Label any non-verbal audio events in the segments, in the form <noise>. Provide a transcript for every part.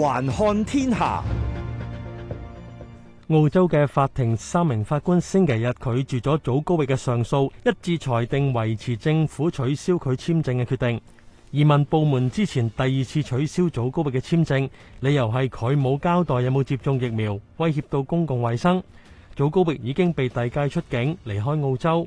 環看天下，澳洲嘅法庭三名法官星期日拒絕咗祖高域嘅上訴，一致裁定維持政府取消佢簽證嘅決定。移民部門之前第二次取消祖高域嘅簽證，理由係佢冇交代有冇接種疫苗，威脅到公共衛生。祖高域已經被遞解出境，離開澳洲。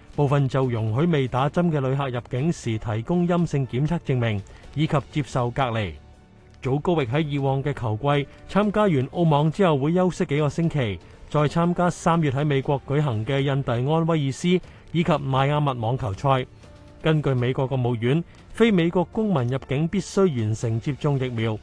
部分就容許未打針嘅旅客入境時提供陰性檢測證明，以及接受隔離。祖高域喺以往嘅球季參加完澳網之後，會休息幾個星期，再參加三月喺美國舉行嘅印第安威爾斯以及邁阿密網球賽。根據美國國務院，非美國公民入境必須完成接種疫苗，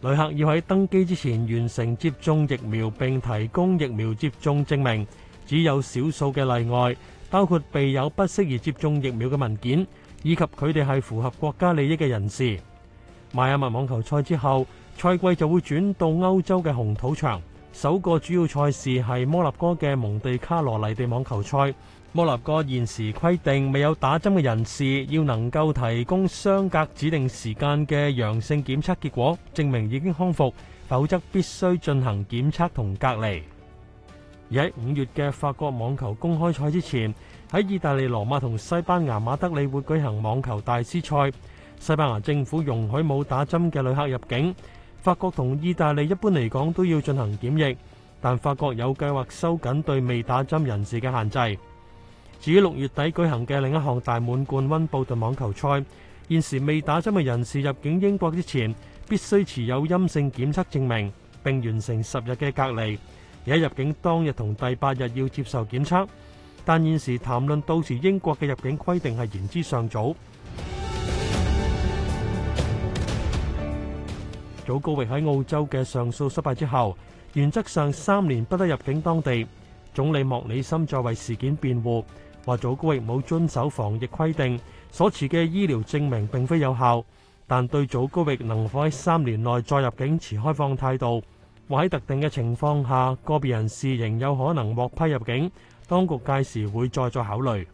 旅客要喺登機之前完成接種疫苗，並提供疫苗接種證明，只有少數嘅例外。包括備有不適宜接種疫苗嘅文件，以及佢哋係符合國家利益嘅人士。邁阿密網球賽之後，賽季就會轉到歐洲嘅紅土場，首個主要賽事係摩納哥嘅蒙地卡羅泥地網球賽。摩納哥現時規定，未有打針嘅人士要能夠提供相隔指定時間嘅陽性檢測結果，證明已經康復，否則必須進行檢測同隔離。而喺五月嘅法國網球公開賽之前，喺意大利羅馬同西班牙馬德里會舉行網球大師賽。西班牙政府容許冇打針嘅旅客入境。法國同意大利一般嚟講都要進行檢疫，但法國有計劃收緊對未打針人士嘅限制。至於六月底舉行嘅另一項大滿貫温布頓網球賽，現時未打針嘅人士入境英國之前，必須持有陰性檢測證明，並完成十日嘅隔離。有入境當日和第八日要接受檢測，但現時談論到時英國的入境規定是言之尚早。祖高域在澳洲的上訴失敗之後，原則上三年不得入境當地。總理莫里森再為事件辯護，話祖高域冇遵守防疫規定，所持的醫療證明並非有效，但對祖高域能否在三年內再入境持開放態度。 <noise> 或喺特定嘅情況下，個別人士仍有可能獲批入境，當局屆時會再作考慮。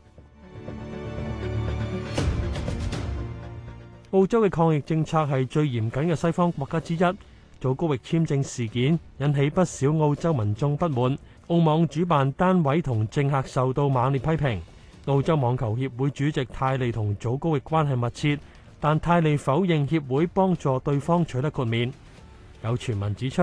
澳洲嘅抗疫政策係最嚴謹嘅西方國家之一，祖高域簽證事件引起不少澳洲民眾不滿，澳網主辦單位同政客受到猛烈批評。澳洲網球協會主席泰利同祖高域關係密切，但泰利否認協會幫助對方取得豁免。有傳聞指出，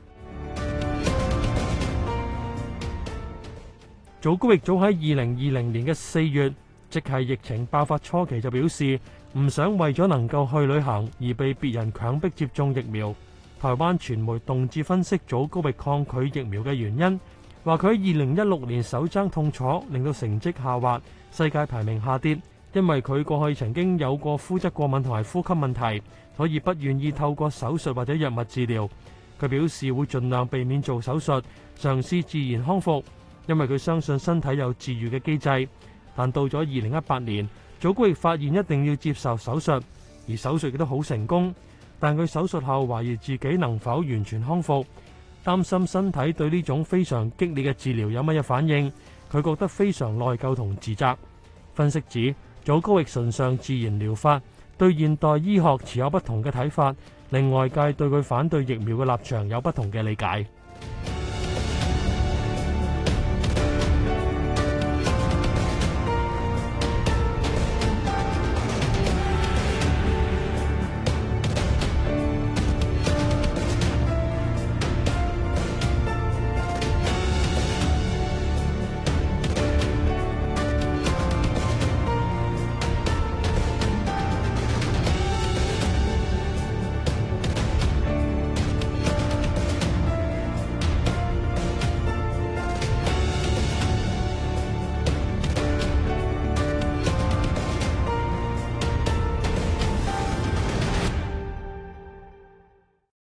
祖高域早喺二零二零年嘅四月，即係疫情爆發初期就表示唔想為咗能夠去旅行而被別人強迫接種疫苗。台灣傳媒動誌分析祖高域抗拒疫苗嘅原因，話佢喺二零一六年手踭痛楚令到成績下滑，世界排名下跌，因為佢過去曾經有過膚質過敏同埋呼吸問題，所以不願意透過手術或者藥物治療。佢表示會盡量避免做手術，嘗試自然康復。因為佢相信身體有治癒嘅機制，但到咗二零一八年，祖高域發現一定要接受手術，而手術亦都好成功，但佢手術後懷疑自己能否完全康復，擔心身體對呢種非常激烈嘅治療有乜嘢反應，佢覺得非常內疚同自責。分析指，祖高域崇尚自然療法，對現代醫學持有不同嘅睇法，令外界對佢反對疫苗嘅立場有不同嘅理解。